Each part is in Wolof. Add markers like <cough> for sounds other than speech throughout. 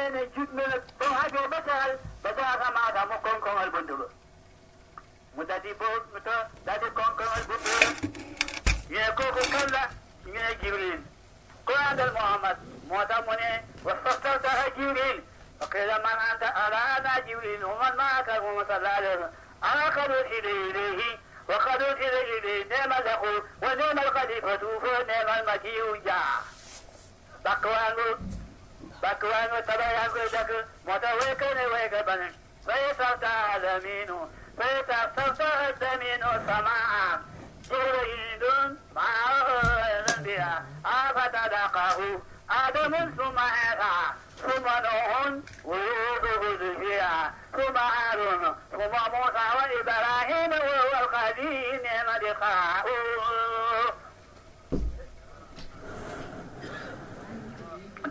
mene juɗmene ɗo haade ɓesal ɓe daga maɗa mo konkoŋol bonduɗo mo dadi bo to dadi konkoŋol bonduɗo ñe koko kalla ñe jibril ko andal mouhammad mota mone wa faftawtaha jibril فقيل من أنت قال أنا جبريل ومن معك ومن صلى عليه أنا قد إلي إليه وقد إلي إليه نعم الأخو ونعم الخليفة فنعم المجيء جاء بقوانه بكوان وتبايان قيدك متويك نويك بنن فيصلت الأمين فيتصلت الدمين سماعا جبريل معه الأنبياء أفتدقه آدم ثم عيسى ثم نوح ويوسف زكريا ثم هارون ثم موسى وإبراهيم وهو القديم مدقاؤه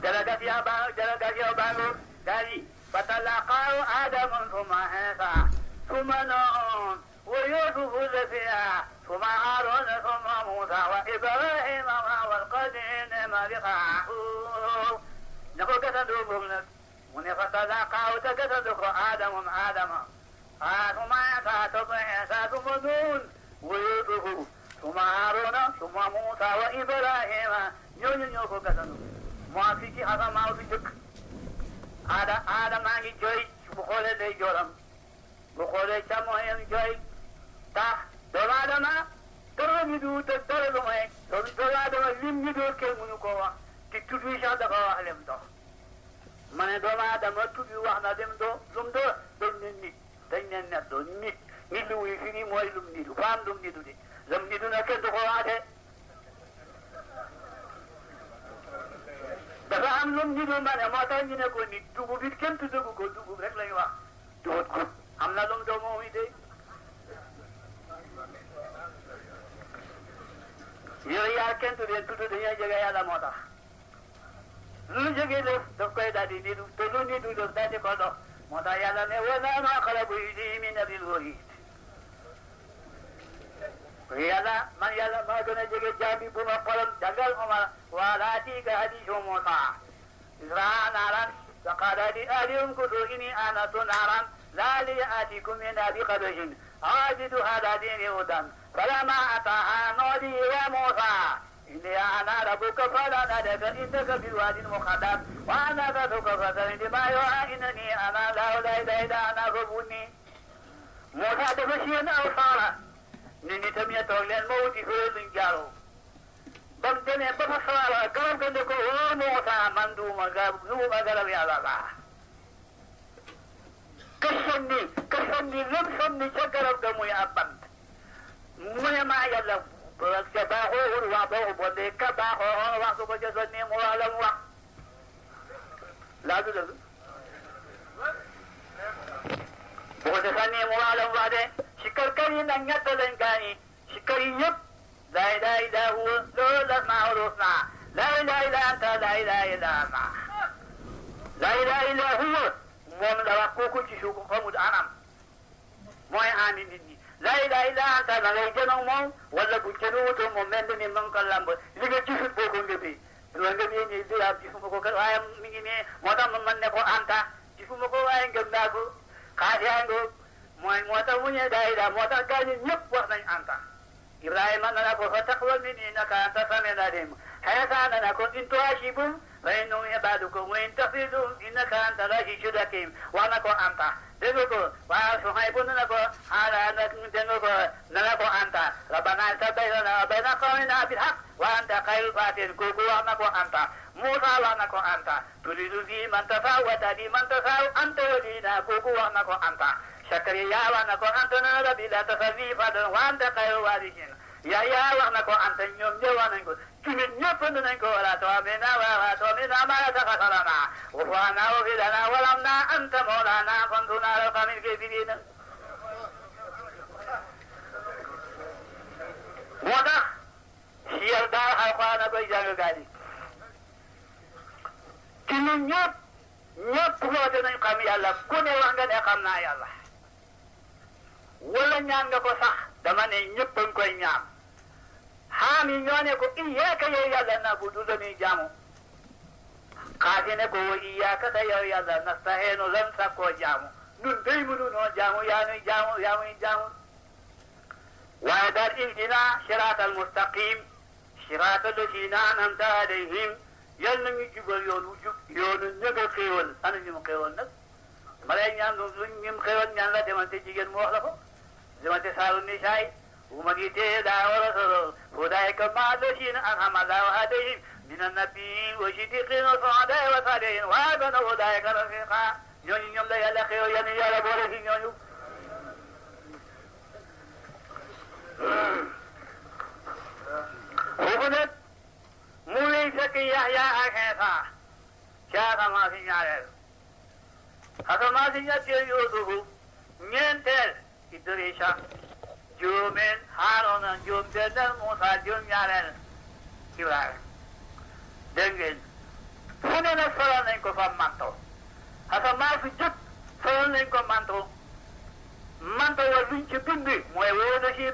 جلد فيها بال جلد فيها بال داري فطلقه آدم ثم عيسى ثم نوح ويوسف زكيا ثم هارون ثم موسى وإبراهيم والقدين مرقاه نقول كتندو بمنك وني فطلقه تكتندو آدم آدم آه، ثم عيسى ثم عيسى ثم نون ويوسف ثم هارون ثم موسى وإبراهيم نيو نيو نيو كتندو moo fi ci asamaaw su njëkk aada aadamaa ngi jooy bu xoolee day jooram bu xoolee càmmoñam jooy tax doomu aadama dara ñu du te dara lu may loolu doomu lim ñu dóor kenn mënu koo wax te tudd yi sax wax lem dox ma ne doomu aadama tudd yi wax na dem doo lum doo doon ne ne net nit nit lu wuy fi nii mooy lum nitu faam lum nitu di lum nitu na kenn du ko waatee dafa am lu mu niru mbane moo tax ñu ne ko nit dugub it kenn tuddagu ko dugub rek lañu wax duut ko am na lu mu doon moom de yooyu yaar kenn tuddee tudd jege moo tax lu jógee def daf koy daal di niru te lu niru daf yàlla ne wa ma xalaqtu l-jinna wal insa yala man yala ma gën a jege jaabi bu ma xolam jagal omar wala tiga hadisu musa israa naaran فقال لأهلهم كثوا إني آنست نارا لعلي آتيكم منها بقبس عاجد هذا دين هدى فلما أتاها نودي يا موسى إني أنا ربك فلا نادك إنك بالواد المقدس وأنا ذاتك فسر لما يوحى إنني أنا لا إله إلا أنا فبني موسى تفشي أوصالا nit ñi tam toog leen moo wuti kuréel duñ jaaloo ba mu demee ba fa sawaala garab ga ne ko woo Muusaa duuma garab duuma garab yàlla laa ka sonni ka sonni lépp sonni ca garab ga muy ab mu ne maa yàlla ca baaxoowul wax boo ko ka baaxoo wax su ko ca sonni mu wax la wax laa du dëgg وتفني موالا بعده شكر كريم أن يطلن كاني شكر يب لا إله إلا هو له الأسماء والحسنى لا إله إلا أنت لا إله إلا أنت لا إله إلا هو moom la wax kooku ci suuf xamut anam mooy aami nit ñi laa ilaaha illa bu jënoowutoo moom mel ni ma nga ko làmb li nga gisut boo ko ngëbee loolu nga ngeen ñuy di waaw gisuma ko waaye mi ngi ne moo tax ko anta gisuma ko waaye ngëm naa ko xaafiyaangoog mooy moo tax wu ñee daayira moo tax gaa ñi wax nañ anta ibrahima nana ko fa taxwal min innaka anta samiul alim hayata nana ko in tuasibum fa innahum ibadukum wa in tafidum innaka anta al-azizul hakim wax na ko anta dégg nga ko waaw Suhaybu na ko xaaral nag dégg nga ko na ko anta rabbana taqabbal minna wa bayna qawmina bil haqq wa anta mughalana ko anta turizuki mantafawata di mantafaw anta wajina kukuwana ko anta syakriyawana ko anta nana bila tafazifa dan wanda kayo warihin yayawana ko anta nyom jawana ko kimi nyopun dan ko wala toa mena wala toa mena mara takasalana ufana wafidana walamna anta mulana kontuna lakamil kebirina Mwaka, siyar dal halkwana ko ijagagalik. te ñun ñëpp ñëpp woote nañu xam yàlla ku ne wax nga ne xam naa yàlla wala ñaan nga ko sax dama ne ñëpp a ngi koy ñaan xaam yi ko iyaaka yow yàlla na bu du jaamu xaasi ne ko wa iyaaka da yow yàlla na saxeenu lan sa koo jaamu ñun day mënu noo jaamu yaa nuy jaamu yaa nuy jaamu waaye daal ihdina siraatal mustaqim siraatal lazina anamta alayhim yal na ñu jubal la demante jigéen mu wax la ko demante a ñooñu ñoom la yàlla xéewal yal na yàlla boole मुलिसति यहया अखैसा शायद हमासी यार हमासी या तेरी ओदुहु तो मेन तेर इधर यार देंगे सोला नहीं को सब मानतो सोला नहीं को मानतो मानतो वो विंच वो नहीं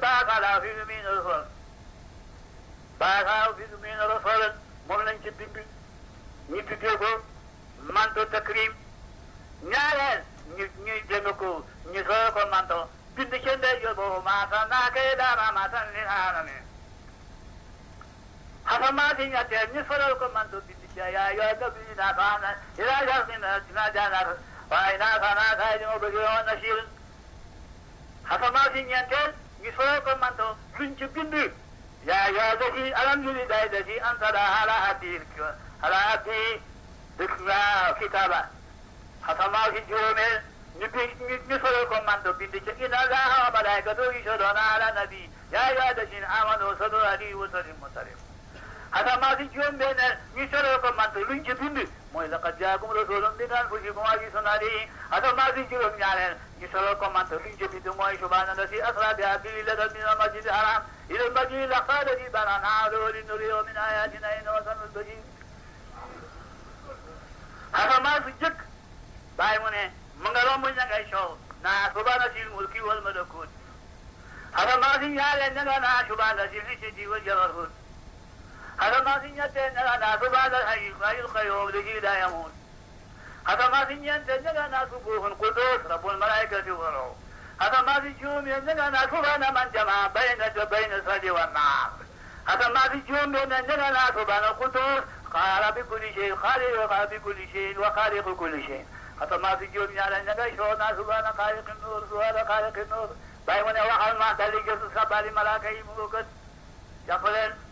Barhaw bi umina rasulal moom lañ ci bind ñu tuddee ko manto takrim ñaareel ñu ñuy Ni ko ñu soo ko manto bind ci ndey yo boobu maata naa kay daara maatan li aalamin hasamaati ñetteel ñu solal ko manto bind ci yaa yoo gabi naa faa na ilaa jarfi na dinaa jaanaar waaye naa faa naa kaay di ma bëgg yoon na siirin hasamaati ñeenteel ñu solal ko manto suñ ci bind ya ya zeki alam yuri zeki antara ala abdi ala abdi hükmâ kitaba. Hatamâki cûmel nüfeyi komando bildike inna lâha ve melâkatu yuşadona ala nebî. Ya ya dekin amanu sadu aleyhi ve sallim ve sallim. Hatamâki cûmel nüfeyi komando lungi bindi. mooy laqad jaakum rasulun min anfusikum azizun alayhi ada maa fi juróom ñaareel ñu solal ko manta luñ jëfi du mooy subhaana lasi asra bi abdihi ladan min almasjidi haram ila almasjidi laqaa lasi baran haadahu linuriyahu min ayatina innahu samiun basir ada maa fi jëkk bàyyi mu ne mu nga romb ña ngay soow naa subhaana sil mulki wal malakut ada maa fi ñaareel ña nga naa subhaana sil isidi wal jabarut حتما سنيتين لنا فبعد الحي الحي القيوم الذي لا يموت حتما سنيتين لنا سبوه القدوس رب الملائكة والروح حتما في الجوم لنا سبحان من جمع بين بين السد والنار حتما في الجوم لنا سبحان القدوس قال بكل شيء خالق وقال بكل شيء وخالق كل شيء حتما في الجوم لنا سبحان خالق النور سبحان خالق النور بايمون وحال ما تلقى سبحان ملاكي ملوكت يقولون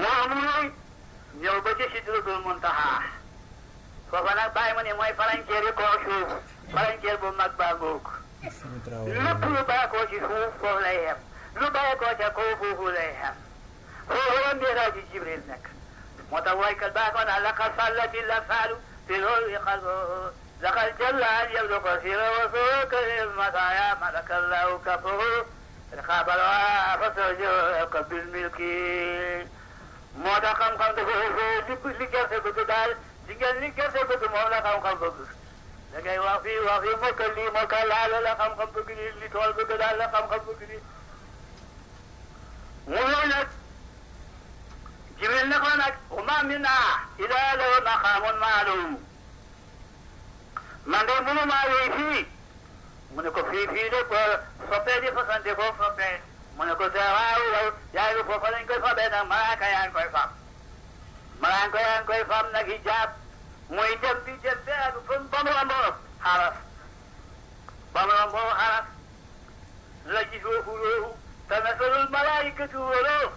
moomunoon ñëw ba ci sidrutul muntaha foofa nag bàyyi mu ne mooy faranceeri koo suuf faranceer bu mag baa ngoog lépp lu bàyyi koo ci suuf foofu lay yem lu bàyyi koo ca kaw foofu lay yem foofu la mbiraa ci jibril nag moo tax woykat baa ko naa laqad sallati la saalu fi loolu i xal لقد جل أن يبلغ في وفوك المطايا ملك الله كفه رقاب الوافة بالملك moo tax xam-xam dafa li li gerte bëgg daal di ngeen li gerte bëgg moom la xam-xam bëgg da ngay wax fii wax fii mokkal lii mokkal laala la xam-xam bëgg nii li tool bëgg daal la xam-xam bëgg nii mu ñëw nag jibril ne ko nag uma mina ila lahu maqaamun maalum man de mënu maa yooyu fii mu ne ko fii fii de ko soppee di fasante ko soppee mu ne ko sa waaw yow yaay lu foofa lañ koy nag malaaka yaa ngi koy fab malaaka yaa ngi koy fab nag hijaab muy dem di dem ba ak fa ba mu romboo xaras ba mu romboo xaras la gis woo fuloohu te nasalul malaayikatu wóoloo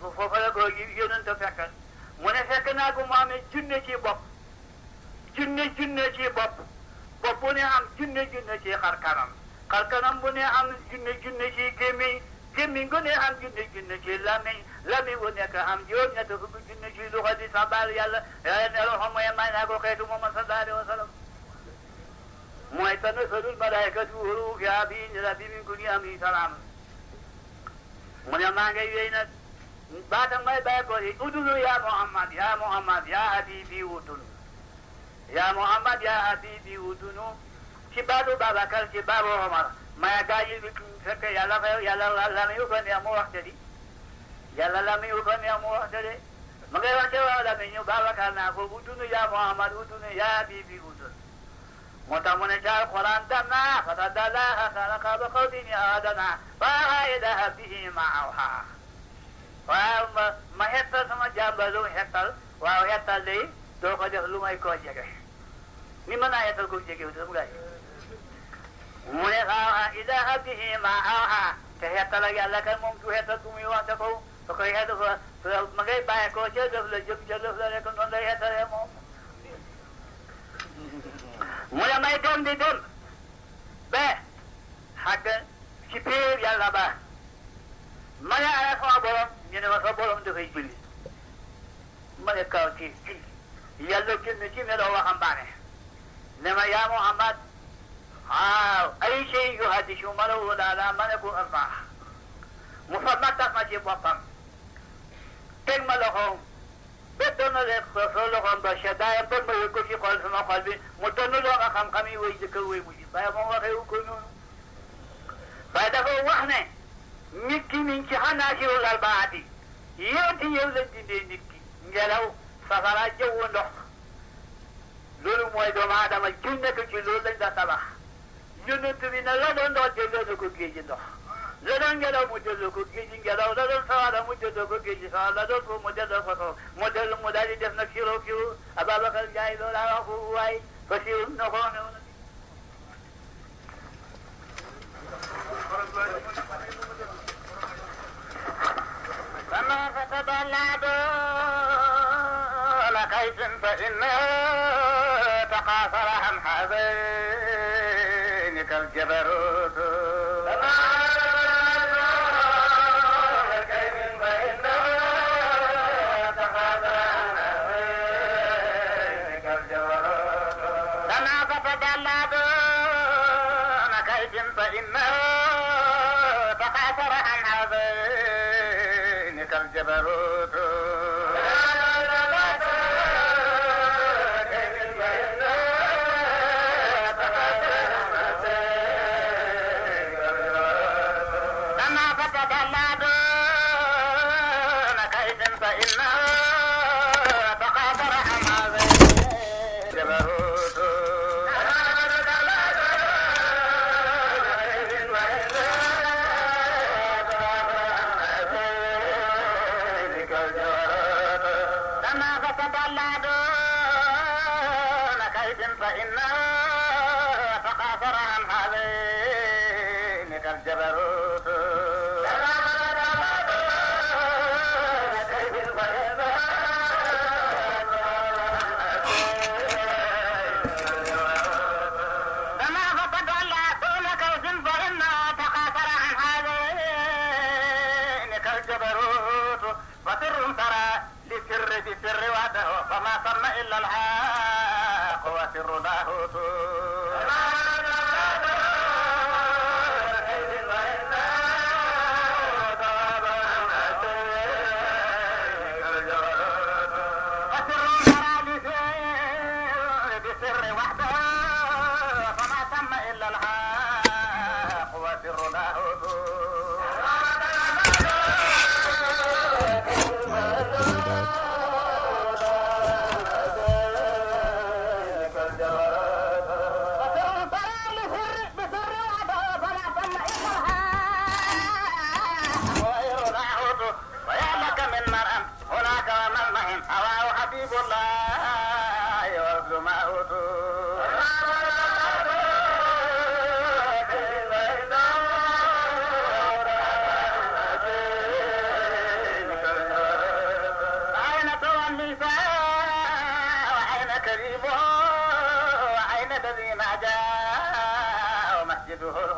bu foofa la ko yónente fekk mu ne fekk naa ko mu amee junne ci bopp junne junne ci bopp bopp bu am junne junne ci xar kanam xarkanam bu ne am junne junne ci gémmiñ gémmiñ gu ne am junne junne ci lamiñ lamiñ bu nekk am juróom ñett fukki junne ci luxa di sabal yàlla yàlla ne loxo mooy may naa ko xeetu moom sallallahu alayhi wa sallam mooy tanazzalul malaayikatu wa ruuhu fiihaa bi izni rabbihim min kulli amrin salaam mu ne maa ngay wéy nag baatam may bàyyi ko yi udulu Muhammad yaa Muhammad yaa habibi wutun yaa ci baatu Babacar ci baatu Omar maya gaañu bi fekk yàlla xew yàlla lamiyu ko neex mu wax te di yàlla lamiyu ko neex mu wax te de ma ngay wax te waaw lamiñu Babacar naa ko utunu yaa Muhammad utunu yaa bibi utun moo tax mu ne ca alquran danna fata dalaha xalaqa ba xawdini aadana baaxa ilaha bihi ma awha waaw ma ma xettal sama jàmba lu xettal waaw xettal day doo ko def lu may koo jege ni mën naa xettal koo jegewut sama gaañ mu ne xaaxa ila abdihi ma xaaxa te xettal ak yàlla kan moom du xettal bu muy wax sa kaw da koy xet fa ma ngay bàyyi ko ca lëf la jëm ca la rek noonu lay moom mu ne may dem di dem ba xàgg ci péer yàlla ba ma ne ana sama borom ñu ne ma sa borom dafay julli ma ne kaw ci ci yàlla génn ci meloo waxambaane ne ma yaa Muhammad آه، أي شيء يهدش مره لا لا من يكون أربعة مفمتا مجيب وطن تجمع لهم بدون لهم بشدايا بدون يكوشي قلب ما قلبي مدون لهم خم خمي ويدكوي مجيب بايا ما وخي وكنون فإذا هو وحنا نكي من شحن ناشر الأربعة يوتي يولد دي نكي نجلو سفرات جو ونخ لولو مويدو ما دام الجنة كي لولد تبخ jundu tubina ladon do jello no ko geji do ladon gela mo jello ko geji gela ladon sawara mo jello ko geji sa ladon ko mo jello ko mo jello mo dali def na kiro kiro ababa kal jay do la ko way ko si no ko no فما فتد العدو لكيف فإنه تقاصر عن حبيب عينك الجبروت فإنه تقاصر عن عظيمك الجبروت I Baba Mado. neighborhood <laughs>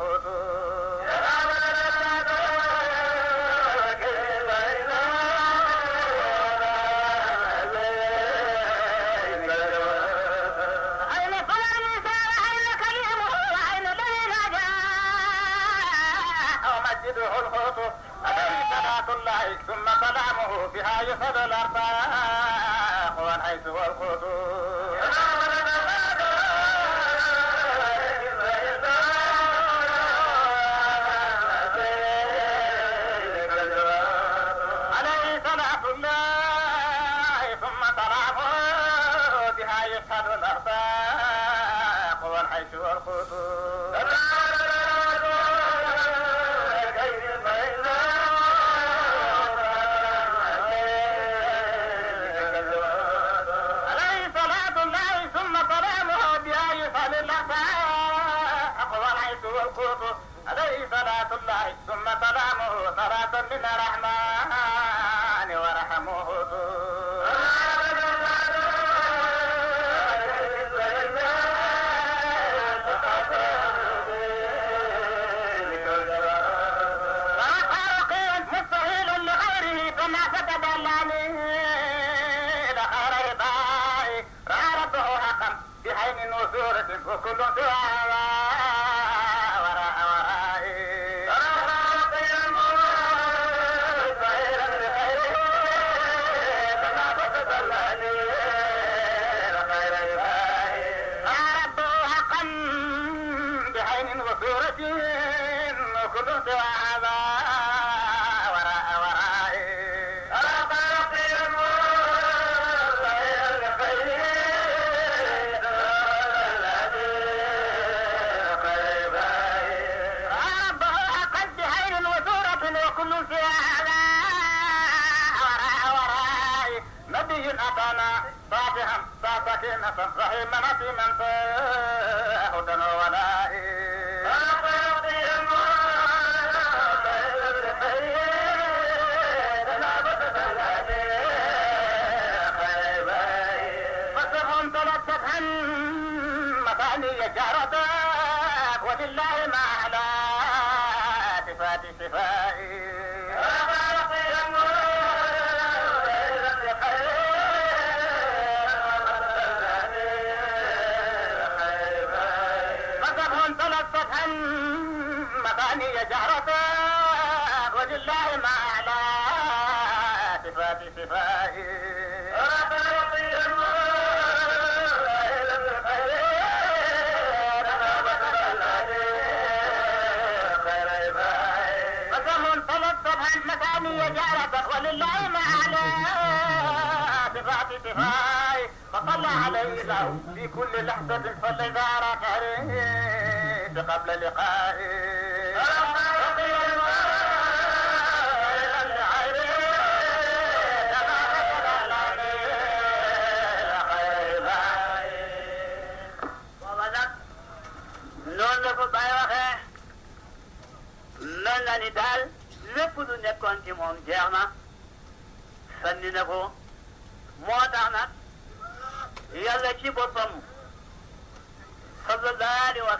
قبل لقائي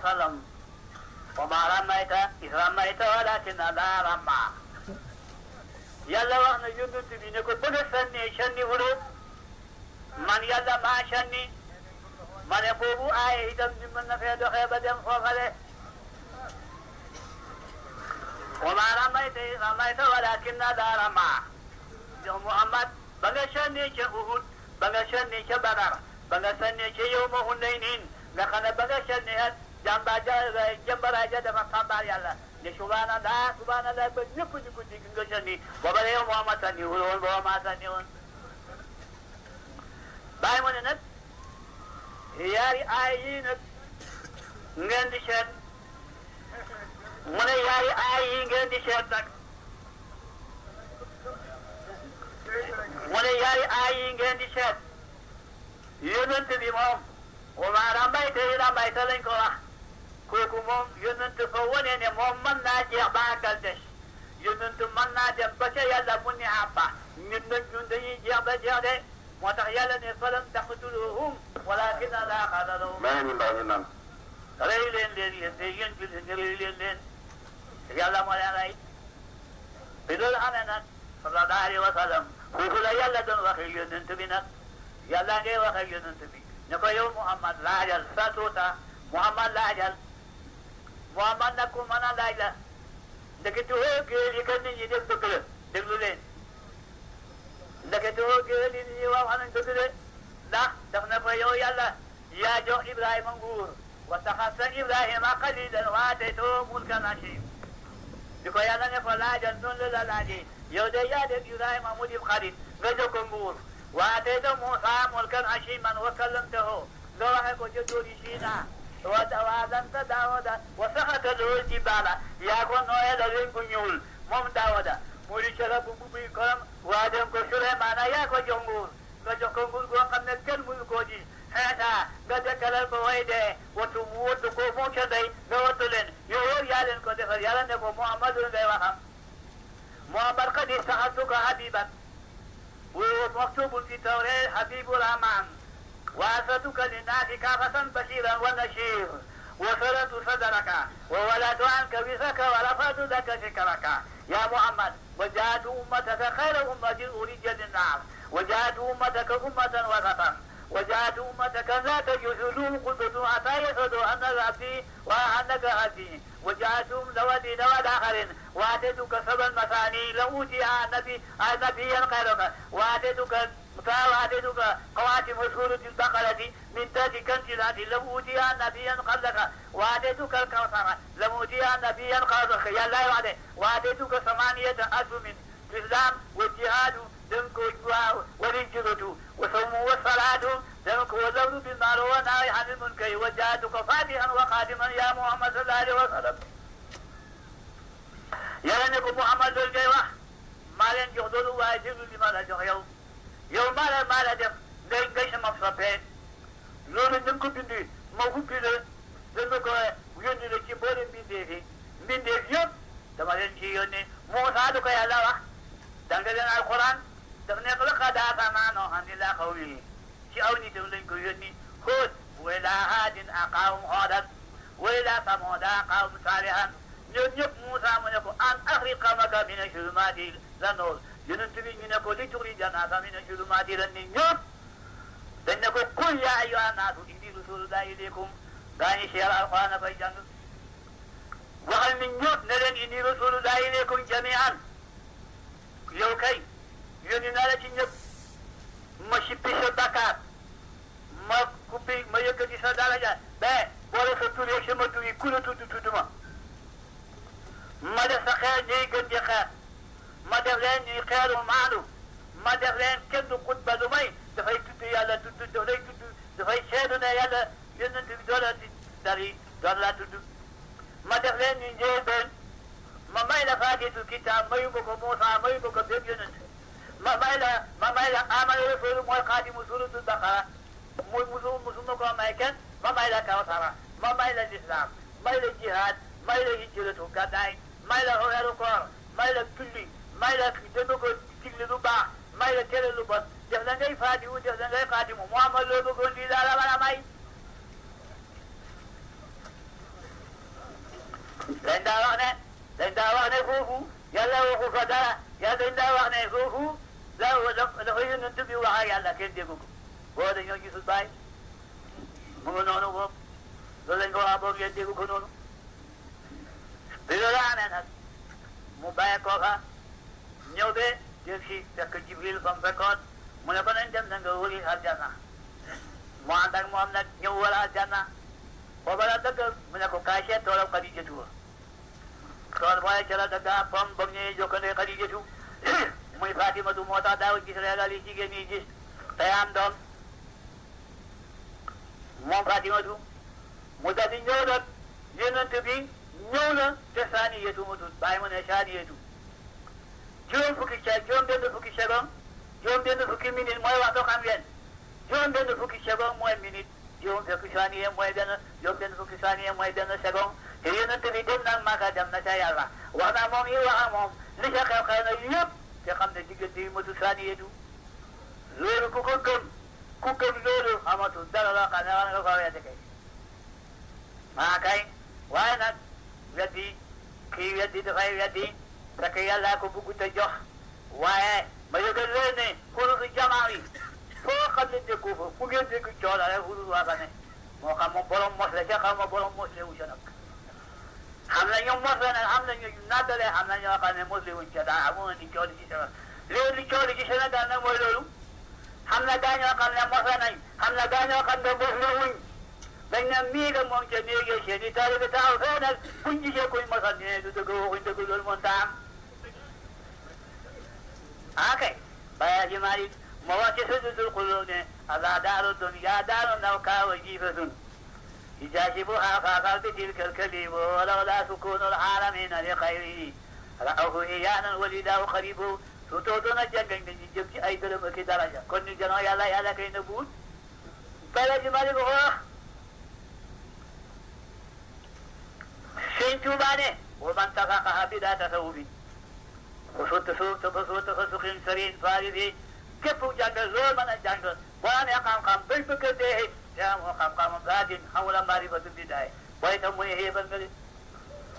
Thank you. وما رميت إذ رميت ولكن لا رمى يلا وأنا جند كو بنا سنة شنة ولو من يلا ما شنة من يبوبو آيه دم في نفيا خيبا دم فوقله وما رميت إذ رميت ولكن لا رمى محمد بنا شنة شهود بنا شنة شبرر بنا سنة شيوم هنينين لخنا بغا شني Samba ja eh, jambara ja dafa xambaar yàlla ne subhanallah subhanallah ba ñëpp ñu ko dégg nga sànni booba la yow moo ma sànni wul woon booba maa sànni woon bàyyi ma ne nag yaari aay yii nag ngeen di seet mu ne yaari aay yii ngeen di seet nag mu ne yaari aay yii ngeen di seet yonent bi moom wa maa rambayte yi rambayte lañ ko wax kooku moom yonentu fa wone ne moom mën naa jeex baagal des yonentu mën naa dem ba ca yàlla mu ne abba ñun nag ñun dañuy jeex ba jeex de moo tax yàlla ne falam taqtuluhum walakin alaaxa lalahum mais ñu ndaw ñu nan rey leen leen yéen de yéen bi nga rey leen leen yàlla moo leen rey bi loolu amee nag sallallahu alayhi wa sallam foofu la yàlla doon waxe yonent bi nag yàlla ngay waxe yonent bi ne ko yow Muhammad laajal sa tuuta Muhammad laajal waamaan dakku maanaa laaj la ndekete woo géwél yi kat nit ñi def dëgg la déglu leen ndekete woo géwél yi nit ñi waaw xam nañ dëgg de ndax daf na fa yow yàlla yaa jox Ibrahima nguur wa taxassa Ibrahima qalilan wa ataytoo mulkan asim di ko yàlla ne fa laajal noonu la la laajee yow de yaa def Ibrahima mu dib xarit nga jox ko nguur wa ataytoo Muusa mulkan asiman wa kallamtahu nga waxee ko ca dóor yi Siinaa وتوازنت داودا وسقط ذو الجبال يكون نوية ذو كنيول مم داودا muri chala bubu bi kolam wadam ko shure mana ya ko jongul ko jongul go xamne ken muy ko ji hata ga de kala ko wayde watu wutu ko mo ke day ga watu len yo yo ya len ko defar yalla ne ko muhammadu day waxa muhammad qad istahatuka habiban wa maktubun fi tawrat habibul aman وأرسلتك للناس كافة بشيرا ونشير وصلت صدرك وولدت عنك وزرك ورفعت لك شكرك يا محمد وجاءت أمتك خير أمة أريد للناس وجاءت أمتك أمة وسطا وجعلت أمتك لا تجوز لهم قلت حتى يشهدوا أنك عبدي وأنك عبدي وجعلتهم ذواتي ذوات آخرين وآتيتك سبع المثاني لأوتي النبي نبيا خيرك وآتيتك وآتيتك قواتم مشهورة البقرة من تحت كنز الأرض لأوتي نبيا قبلك وآتيتك الكوثر لأوتي نبيا قبلك يا الله وآتيتك ثمانية أسهم في الإسلام والجهاد ድንቅ ወልጅበቱ ወሰሙ ወሰላቱ دمك وزود بما رونا يحمم كي وجاهدك فاتحا وخاتما يا محمد صلى الله عليه وسلم يلنك محمد الجيوة ما لن يخدر واجب لما لا يوم يوم ما لا ما لا دم لين قيش مفصفين لون دمك بندي موهو بلا دمك ويوني لكي بولي بندي بندي يوم تمالين شي يوني موسى دك يا الله دنگلين القرآن تغنق لقد آقامانو هم إلى قومه شي أوني تولين كيوتي خود وإلى هاد أقاوم عادا وإلى ثمود أقاوم صالحا نيب موسى منكو أن أخرق مكا من الشرمات لنور ينتبه منكو لتغرج الناس من الشرمات لنور دنكو قل يا أيها الناس إني رسول الله إليكم داني شير القرآن فيجان وهل من يوم نلن إني رسول الله إليكم جميعا يوكي yónni naa la ci ñëpp ma sippi sa bakkaar ma kubbi ma yëkkati sa daraja mais boole sa tur yeeg sama tur ku la tudd tudd ma ma def sa xeer ñuy gën di xeer ma def leen ñuy xeeru ma def leen kenn du xutba lu may dafay tudd yàlla tudd dafay tudd dafay seedu ne yàlla yónnent bi doo la di dar yi doon laa tudd ma def leen ñu njëlbeen ma may la faatitul kitaab mayu ko Muusaa mayu ma ko ma may la ma may la amana rasulu mooy xaadimu suratul baqara muy musu musu ma koo may kenn ma may la kawsara ma may la lislaam may la jihaad may la hijratu gàddaay may la weeru koor may la julli may la dënnu ko digli lu baax may la tere lu bon def la ngay faadimu def la ngay xaadimu mu amal loo bëggoon lii laa la war a may dañ daa wax ne dañ daa wax ne foofu yàlla waxu ko dara yàlla dañ daa wax ne foofu dafa dafa dafa yónnent bi wax ak yàlla kenn déggu ko boo dañoo gisul bàyyi mu nga noonu boobu loolu lañ ko wax boobu ngeen ko noonu bi loolu amee nag mu bàyyi kooka ñëw be dégg si fekk Jibril ba mu fekkoon mu ne ko nañ dem na nga wëri aljanna mu ànd ak moom nag ñëw wala aljanna booba la dëgg mu ne ko kaay seet toolam Xadijatu wa tool booye ca la dëgg pom ba mu ñëwee مي فاتي مدو موتا داو جيس ريالا لي جيجي ني جيس تيام دون مون فاتي مدو موتا دي نيو دون ينن تبي نيو لن تساني يتو مدو باي من هشاني يتو جون فوكي شا جون دون فوكي شا دون جون دون فوكي مينين موي واتو خام ين جون دون فوكي شا دون موي مينين جون فوكي شاني يم موي دون جون دون فوكي شاني يم موي دون شا دون تيو نتبي دون نام ماكا جم نشا يالا وانا موم يوانا موم لشا خيو خيو نيو te xam ne diggante yi matu saaniyetu loolu ku ko gëm ku gëm loolu amatul dara loo xam ne war nga ko weddi kay maa kay waaye nag weddi kii weddi dafay weddi fekk yàllaa ko bugg te jox waaye ma yëgal leen ne kuréelu foo xam ne déggu fa fu ngeen dégg coono rek wudul waa moo xam moom borom mos la ca xam ma borom wu ca nag همه یون مثلا همه یون نداره همه یون قرن موزه اون چه در همون دیکاری که شما لیو دیکاری که شما در نمویلو هم ندان یا قرن مثلا هم ندان یا قرن بوزه اون بین میگه ممکن میگه شدی تاری به تعرفان هست کنجی که کوئی مثلا دینه إيه، دو دو گو دو گو دو منتعم آکه باید یه ماری مواقع سدود القلوب نه ازادار دنیا دار نوکا وجیفتون يجاذبها فقلب تلك الكذب ولولا سكون العالمين لخيره رأوه إيانا ولداه خريبه ستوتنا جنجن جنجن أي درم أكي درجة كن جنو يلا يلا كي نبوت بلد مالي بغوخ سنتو باني ومن تفقها بلا تثوبي وصوت صوت فصوت فسخين سرين فاربي كفو جنجل زور من الجنجل وانا يقام قام بالبكر ديهي يامه قمقام قاد حول قاربة بداية ويتم هي بنقل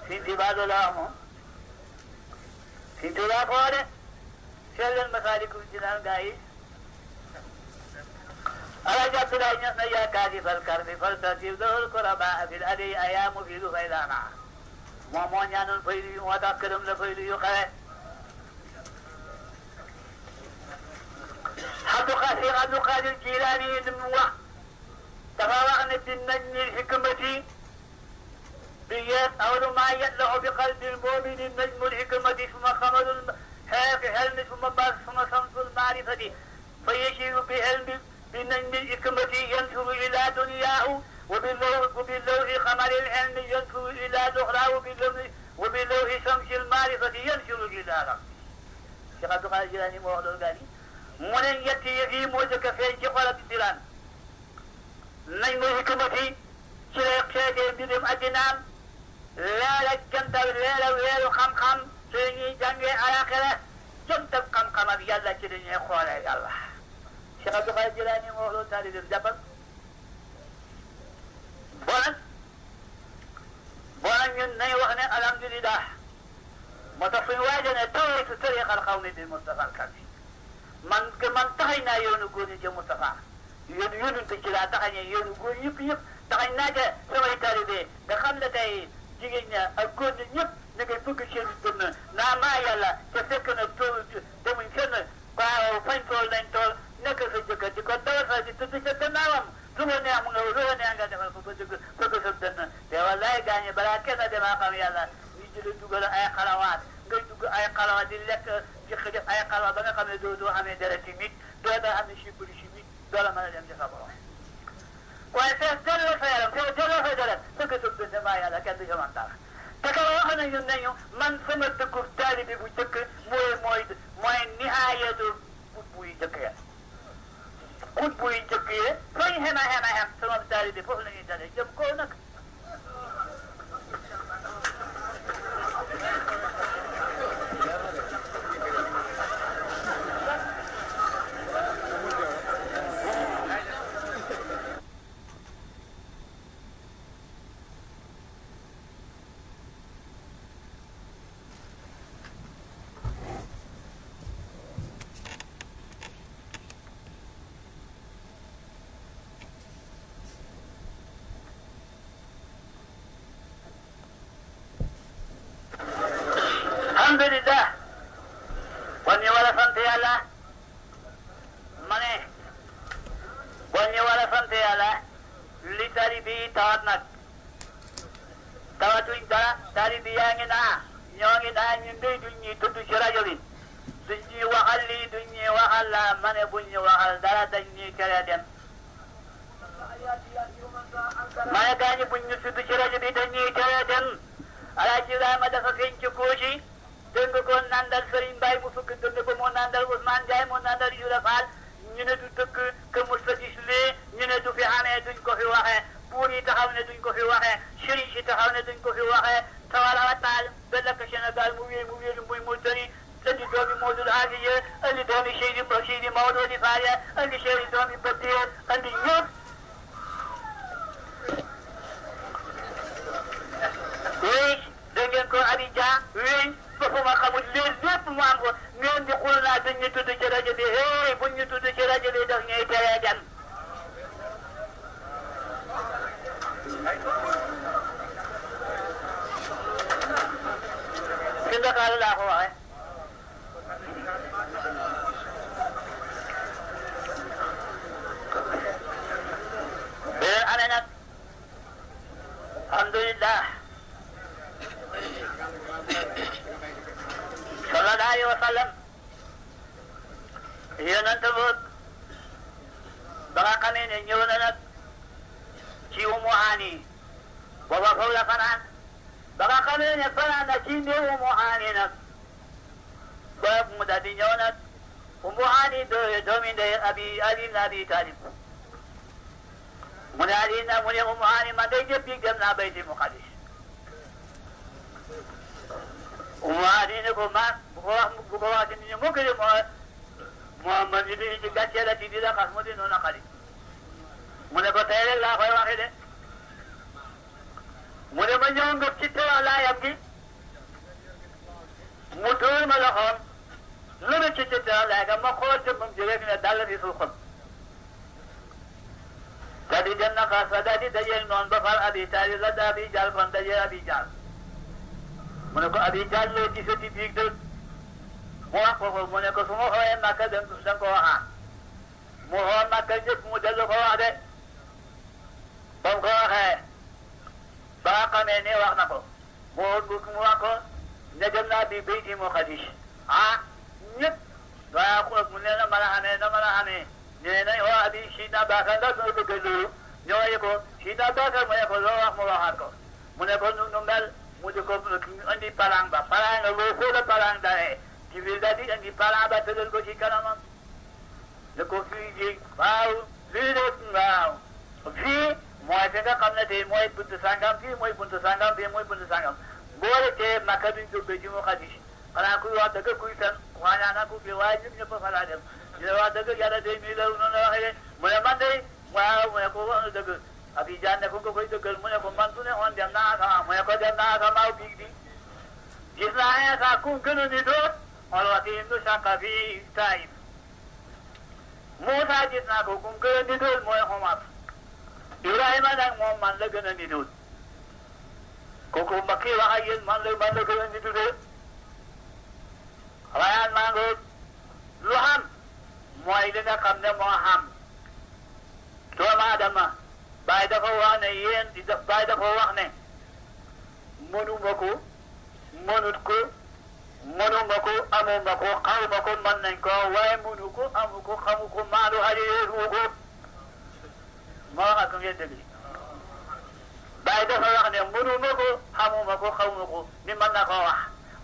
في بعض لامه في دولا قوله شل المخالق جنان قايد أرجع سلاين نيا كادي فالكرب فالتسيب ذو القرباء في الأدي أيام في ذو فيلانا ومون يانون فيلو وتكرم لفيلو يقرأ حد قاسي قد قادر جيلاني نموه تفاوغن الدنن الحكمة بيات أول ما يدلع بقلب المؤمن النجم الحكمة ثم خمد في علم ثم باس ثم شمس المعرفة فيشير بعلم بنجم الحكمة ينشر إلى دنياه وباللوح وباللوح العلم ينشر إلى زهراه وباللوح شمس المعرفة ينشر إلى ربه شيخ عبد القادر الجيلاني موعد الغالي من يأتي في موجك في جفرة الدلان nañ ma hukumati ci la xeegee mbirum addinaam leer ak jantal leer ak weeru xam-xam ci la ñuy jàngee alaxira jantal xam-xam ak yàlla ci la ñuy xoolee yàlla. Cheikh Abdou Khadre Jilaani moo loolu taalibam jàppal boo nag boo nag ñun nañ wax ne alhamdulilah moo tax suñu waay dane tawatu tariqal xaw mi bi Mustafa al Kamil man man taxay naa yoonu góor ñi jëm Mustafa yoon yónantu ci laa taxañee yoonu góor yëpp yëpp taxañ naa ca samay taalibe nga xam ne tey jigéen ña ak góor ñi ñëpp ñu ngi bëgg seen dënn naa maa yàlla te fekk na tool demuñ fenn waaw fañ tool nañ tool nekk sa jëkkër di ko dawal fa di tëdd ca gannaawam lu ko neex mu nga lu ko neex nga defal ko ba dëgg bëgg sa dënn te wallaay gaañe balaa kenn demaa xam yàlla ñu jëlee dugal ay xalawaat nga dugg ay xalawaat di lekk di def ay xalawaat ba nga xam ne doo doo amee دولة ما يمدي خبره ويتجلى فيلم تجلى فيلم تكتب بالدماء هذا كذا جمع تارخ تكلا وحنا يننيو من سمت تكوف تالي بيبو تك موي موي موي نهاية دو بوي تكيا كود بوي تكيا فين هما هما هم سمت تالي بيبو لين تالي جب كونك alhamdulilah kon ñu war a sant yàlla ma ne kon ñu war li tari bi nag tawatuñ dara tari bi yaa ngi naa ñoo ngi naa ñu ndey duñ ñuy tudd ci rajo yi duñ ñuy waxal lii duñ ñuy waxal laa ma ne buñ waxal dara dañ ñuy tere dem gaañi buñ ñu tudd ci rajo bi dañ ñuy tere dem alaaji Ibrahima dafa feeñ ci kóoci dégg ko nandal Serigne Baye mu fëgg dënd ko moo nandal Ousmane Ndiaye moo nandal Yura Fall ñu ne du dëkk que mu sa gis lee ñu ne du fi amee duñ ko fi waxee buur yi taxaw ne duñ ko fi waxee sëriñ si taxaw ne duñ ko fi waxee tawalawa taal ba lakk Sénégal mu wéy mu wéy muy mu tëri andi doomi Modou Hadiye andi doomi Seydi Ba Seydi Maodo di Faaya andi Seydi doomi Batiye andi ñëpp oui dégg ngeen ko Abidjan oui ma xamul lii lépp mu am ko ngeen di xul naa suñ ñu tudd ci rajo bi hey buñ ñu tudd ci rajo bi daf ñuy teree dem. si Ndakaaru laa ko waxee. beneen année nag alhamdulillah. صلى الله عليه وسلم yonent ba ba nga xamee ne ñëw na nag ci umu aani booba foofu la fanaan ba nga xamee ne fanaan na ci ne umu aani nag ba mu daal di ñëw nag umu aani dooye doomi ndey abi ali na abi talib mu ne ali na mu ne umu aani man day jëpp yi dem naa bayti muqaddis ومعادين كما بقوة بقوة جنين مكري محمد جدي جدا جدا جدا قسم دي نونا خالي من بتايل الله خير واحد من من يوم قبضت الله يبكي مطور ملهم لم تجد الله كما خرجت من جريك ندال في سلخم قد جنة قصدا دي دجل نون بفر أبي تاري لدى أبي جال فندجل أبي جال mu ne ko abi jaaj loo gisati biig mu wax ko ko mu ne ko su ma xooyee Makka da nga ko mu xoo Makka ñëpp ba mu ko waxee wax na ko mu bugg mu wax ko ne dem naa bi bayti mu xadis ah ñëpp waaw xool mu ne na mën a amee na mën a amee nee nañ waa abi Sidna Bakar ndax soo bëgg loolu ñëwaye ko mu ne ko loo wax mu waxaat ko mu ne ko nu nu mel muje ko ɓe andi palan ba palanga lofoɗo palan dane jibril dadi andi palan ba teɗel ko ci kanamam ne ko fiiji waaw lii de waaw fii mooy fi nga xam ne tey mooy buntu sangam fii mooy buntu sangam fii mooy buntu sangam boole tee makka duñ jóge ci mu xadis xanaa kuy wax dëgg kuy tan waañaana ku fi waaye ñun ñëpp fa laa dem ñu ne wax dëgg yàlla day nii la noonu la waxee mu ne man day waaw mu ne ko wax dëgg abi jaan ne ko nga koy dëggal mu ne ko man su ne on dem naa sama mu ne ko dem naa sama aw biig bi gis naa Insa kum gënu ni doot olwatin nu sàkka fi taayib Muusa gis naa ko kum gën a ni doot mooy Omar Ibrahima nag moom man la gën a ni doot kooku mbokk yi wax ak yéen man la man la gën a ni doot xabayaan maa ngoog lu xam mooy li nga xam ne moo xam doomu aadama Baye dafa wax ne yéen di def Baye dafa wax ne mënuma ko mënut ko mënuma ko amuma ko xawma ko mën nañ ko waaye mënu ko amu ko xamu ko maanu ajeeru ko moo wax ak ngeen dégg Baye dafa wax ne mënuma ko xamuma ko xawma ko ni mën na ko wax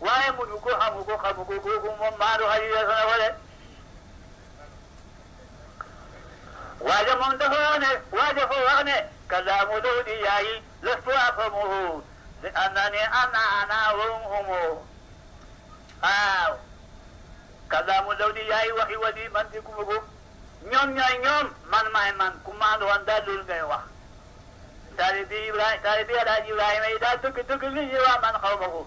waaye mënu ko amu ko xamu ko kooku moom maanu ajeeru na wala waaja moom dafa ne waaja foo wax ne kalaamu dawdi yaayi lastu afamuhu li annani ana ana wum humu waaw kalaamu dawdi yaayi waxi wadi man di kuma ko ñoom ñoom man maay man ku maandu woon daal loolu ngay wax taalibi Ibrahima taalibi Alaaji yi daal dëgg dëgg li ñuy wax man xaw ma ko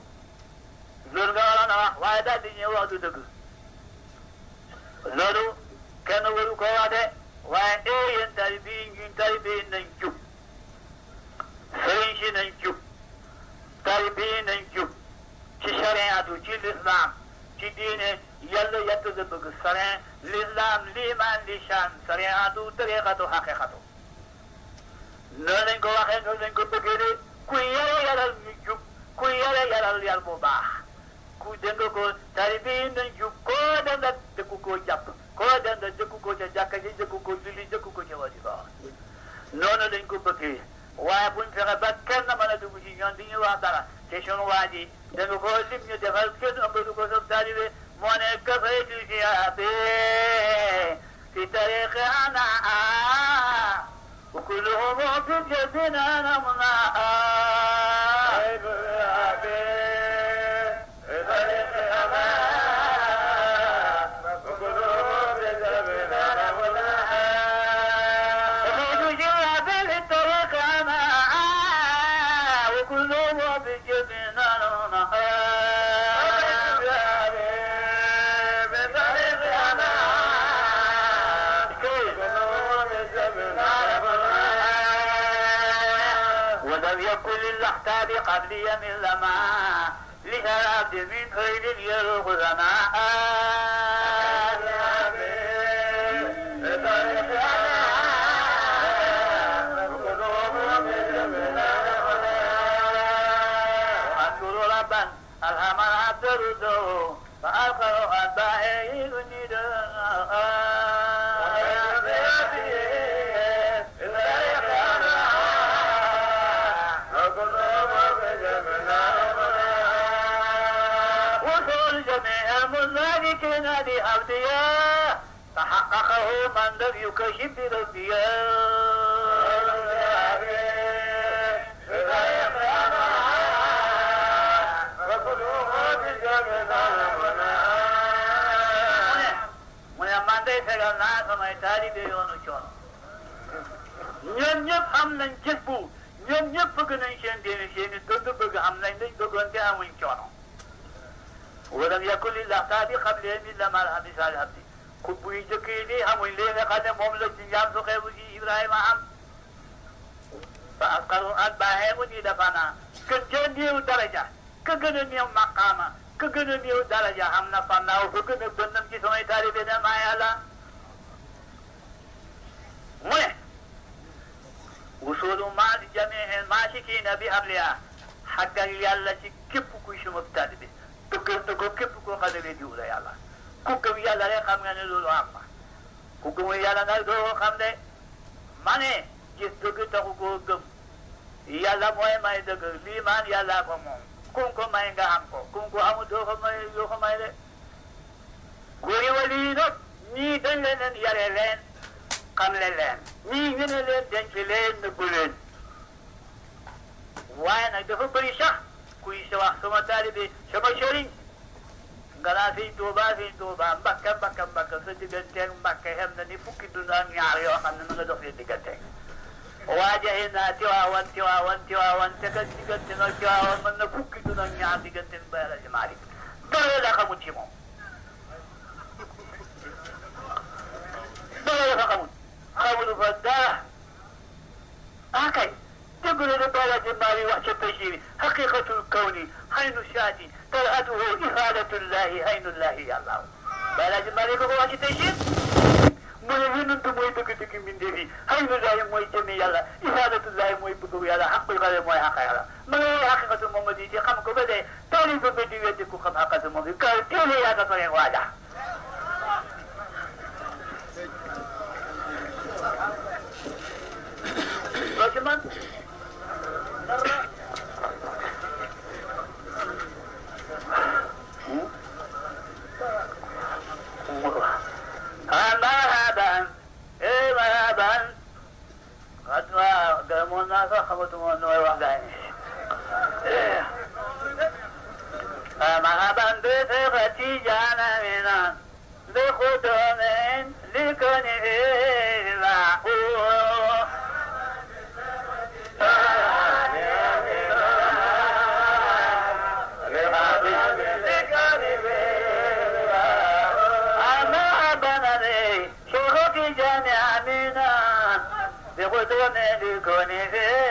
loolu nga waroon a wax waaye daal di ñuy wax du dëgg loolu kenn waru ko wax waaye ee yéen taalibe yi ñun taalibe yi nañ jub sëriñ si nañ jub taalibe yi jub ci chariatu ci lislaam ci diine yàlla yàtt bëgg sarin lislaam liimaan li shaan chariatu tariqatu xaqiqatu noonu lañ ko waxee noonu lañ ko bëggee ku yare yaral ñu jub ku yare yaral yar bu baax ku dégg ko taalibe yi jub koo dem rek te ku دارا تشون وادي دم قوسم يدخل كد أم بدو قوسم داري بي مونة كفي تشيابي في طريق أنا وكلهم في جبنا نمنا قبلي من لما لشراب من خير يروح زمان حقه من لم يكشف بالانبياء mu ne man day fegal naa samay taalibe yoonu coono ñoom ñëpp xam nañ jëf bu ñoom ñëpp bëgg nañ seen diine seen i dëgg bëgg am nañ lañ bëggoon te amuñ coono walam yakun lil axtaabi qabli illa ma al abdi xutbu yu jëkk yi nii amuñ lii nga xam ne moom la ci njaam su xeebu ji Ibrahima am ba askaru at baaxee mu nii dafa naa ka gën a néew daraja ka gën a néew maqaama ka gën a néew daraja am na fannaaw ka gën a gënnam ci samay taalibe mu ne wusulu maa di jamee maasikiina bi abliya xaggal yàlla ci képp yàlla ku gëm yàlla rek xam nga ne loolu am ku gëmul yàlla nag doo ko xam de ma ne gis dëgg taxu koo gëm yàlla mooy may dëgg lii maan yàllaa ko moom kun ko may nga am ko kun ko amul doo ko may doo ko wali yi nag ñii dañ leen leen yare leen xamle leen ñii ñu ne leen denc leen nëbbu leen waaye nag dafa bëri sax kuy si wax sama taalibi sama sëriñ galaa fiñ tuubaa fiñ tuubaa mbakke mbakke mbakke sa digganteeg mbakke xem na ni fukki dund ak ñaar yoo xam ne na nga dox si diggante waajaxe naa tiwaawan tiwaawan tiwaawan te ka diggante nag tiwaawan mën na fukki dund ak ñaar diggante bay la jimaali dara la xamul ci moom dara la fa xamul xamul fa dara ah kay déglu ne bay la jimaali wax ca pêche bi xaqiqatul kawni xaynu shaati طلعته إرادة الله عين الله يا الله balaa ji mare ko ko waji tay jeen mu ne yonent mooy bëgg dëgg mbindee fi xay na laay mooy jëmi yàlla ihaadatullahi mooy bëgg yàlla xaqul bare mooy xaq yàlla ma nga yow xaqiqatu moom di ci xam ko ba dee taaliba ba di weddi ku xam xaqatu moom bi kaw teewle yaa ko soree waaja loo ci man خبرتم انه يروح بعينه إيه. مرحبا بثقتي جانا منان بخدوم لكونه معقول بخدوم لكونه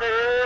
ஆகவே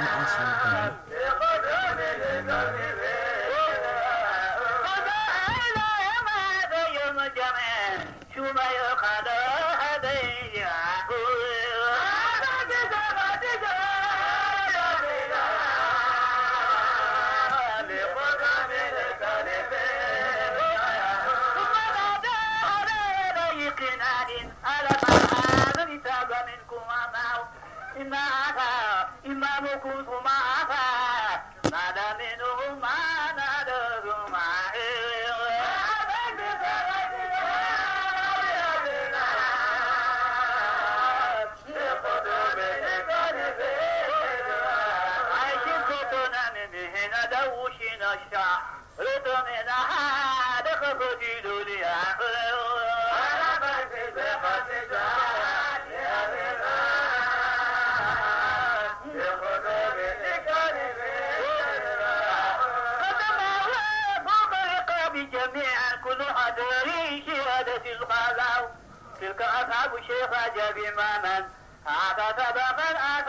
Let us all have asked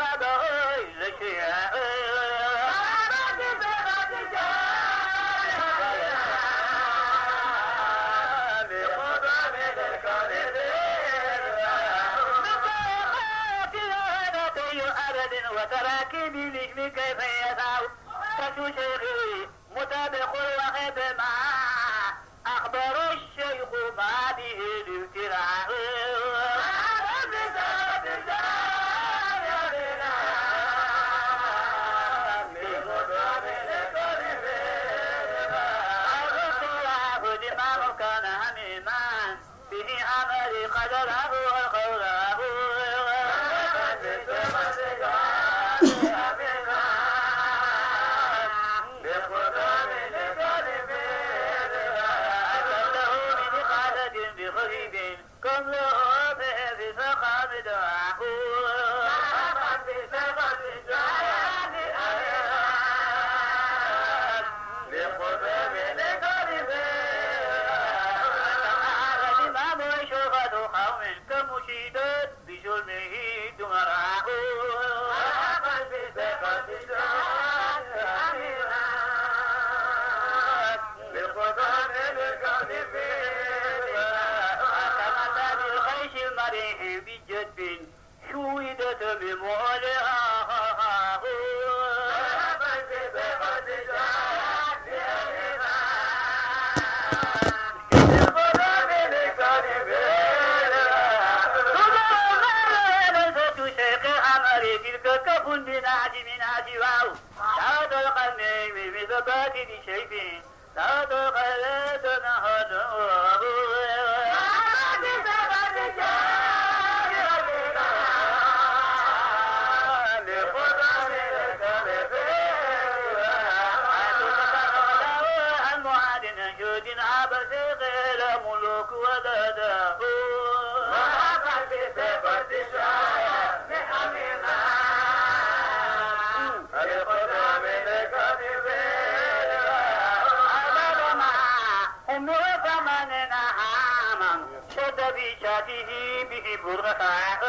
Ha ha ha ha ha ha برهاء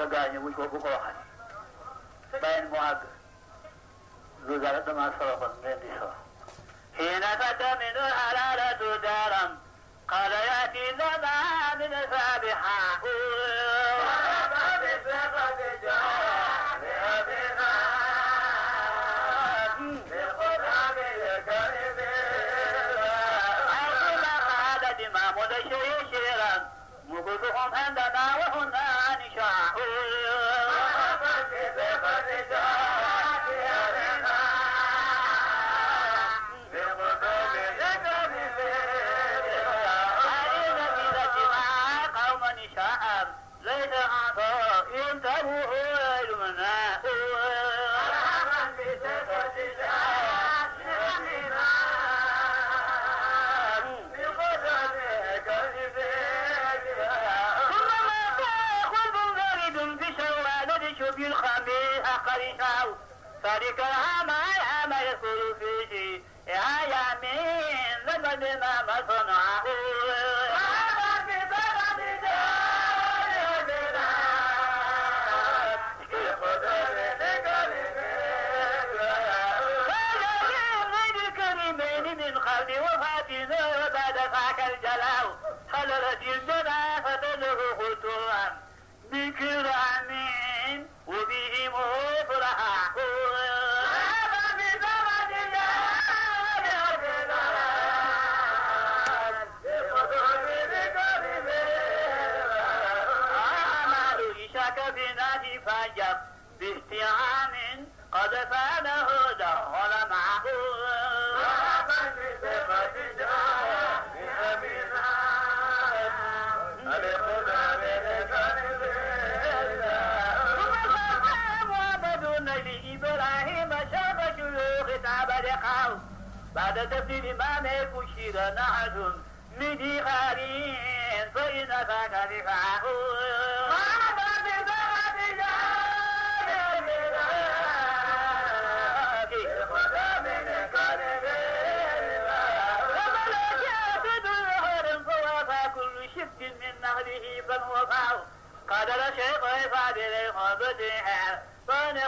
nga gaañu wuñ ko bu ko waxal bàyyi mu àgg lu dara dama sorofal ngeen di sor حين تتمن الحلالة دارا قال يأتي لنا من سابحا تنفعه المناء بالخميس أقرشاو ما العمل فيه يا يمين لقد ما صنعه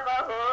خلقه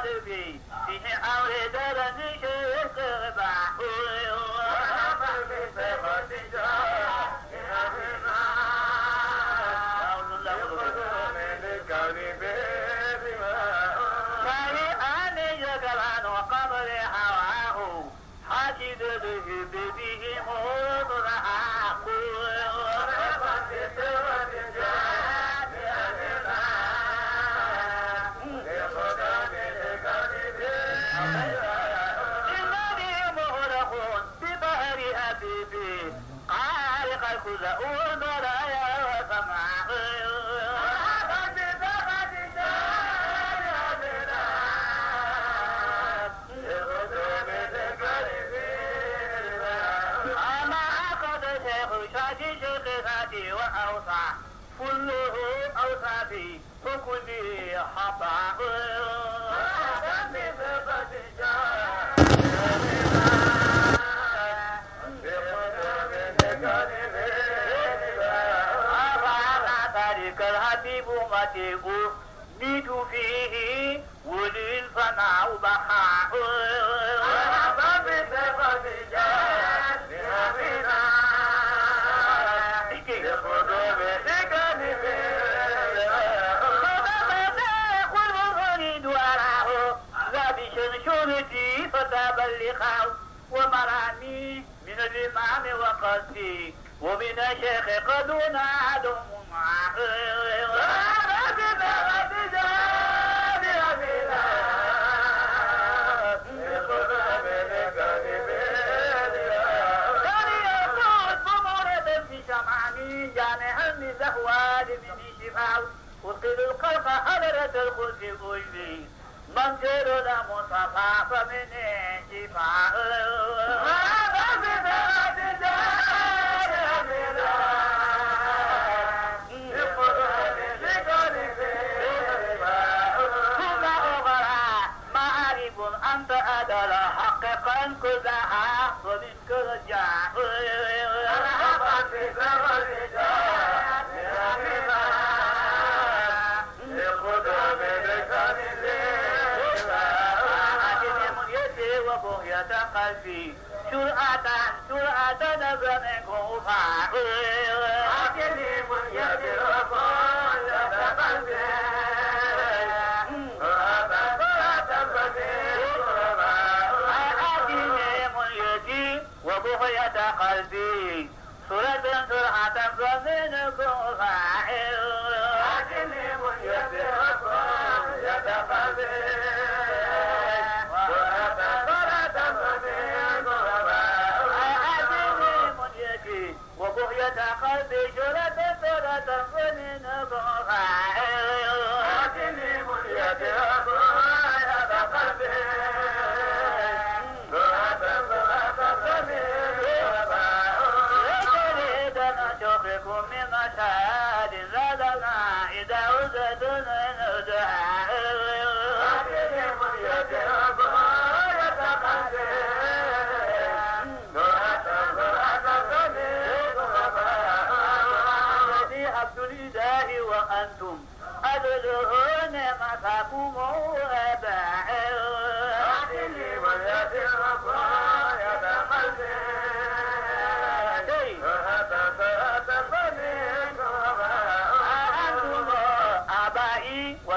kalbi Seni avredere nişe يؤخذون أحدهم وقيل القلق حضرة القدس قلبي من جير المصطفى فمني Saturday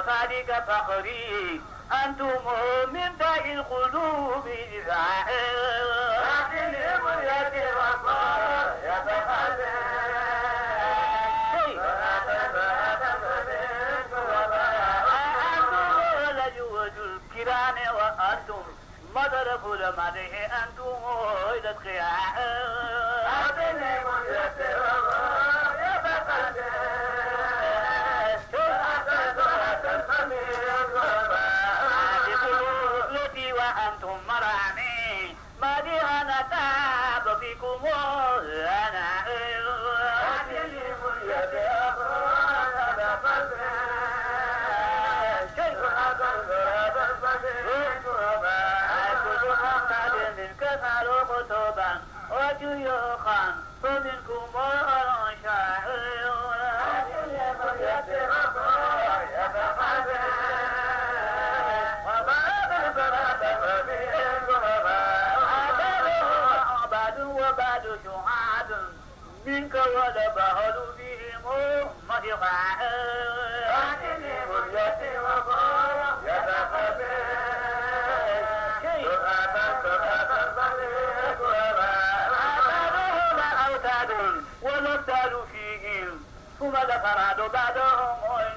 خالق فخري أنتم من داء القلوب أنتم وأنتم kuma da farado gado mun